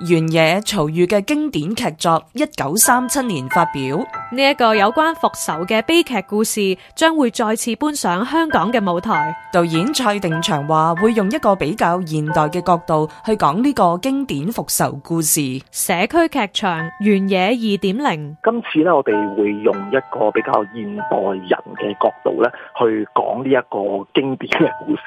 《原野》曹禺嘅經典劇作，一九三七年發表。呢一個有關復仇嘅悲劇故事，將會再次搬上香港嘅舞台。導演蔡定祥話，會用一個比較現代嘅角度去講呢個經典復仇故事。社區劇場《原野》二點零，今次咧我哋會用一個比較現代人嘅角度咧，去講呢一個經典嘅故事。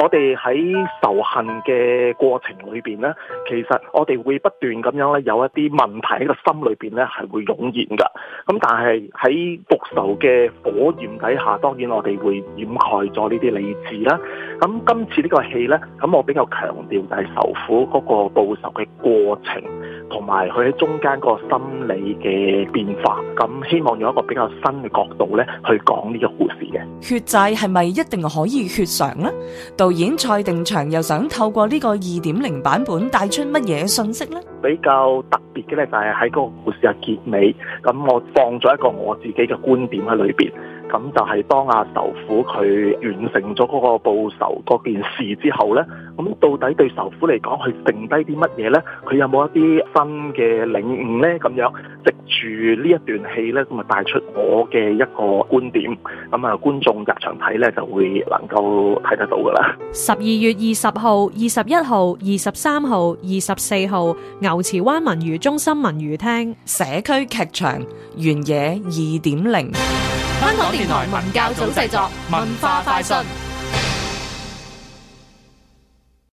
我哋喺仇恨嘅過程裏邊呢，其實我哋會不斷咁樣咧，有一啲問題喺個心裏邊呢係會湧現噶。咁但係喺復仇嘅火焰底下，當然我哋會掩蓋咗呢啲理智啦。咁、嗯、今次呢個戲呢，咁、嗯、我比較強調就係仇虎嗰個報仇嘅過程。同埋佢喺中間個心理嘅變化，咁希望用一個比較新嘅角度咧去講呢個故事嘅。血債係咪一定可以血償呢？導演蔡定祥又想透過呢個二點零版本帶出乜嘢信息呢？比較特別嘅咧，就係喺嗰個故事嘅結尾，咁我放咗一個我自己嘅觀點喺裏邊，咁就係當阿仇虎佢完成咗嗰個報仇嗰件事之後呢，咁到底對仇虎嚟講，佢剩低啲乜嘢呢？佢有冇一啲新嘅領悟呢？咁樣藉住呢一段戲呢，咁啊帶出我嘅一個觀點，咁啊觀眾入場睇呢，就會能夠睇得到噶啦。十二月二十號、二十一號、二十三號、二十四號。牛池灣文娛中心文娛廳社區劇場原野二點零，香港電台文教組製作文化快訊。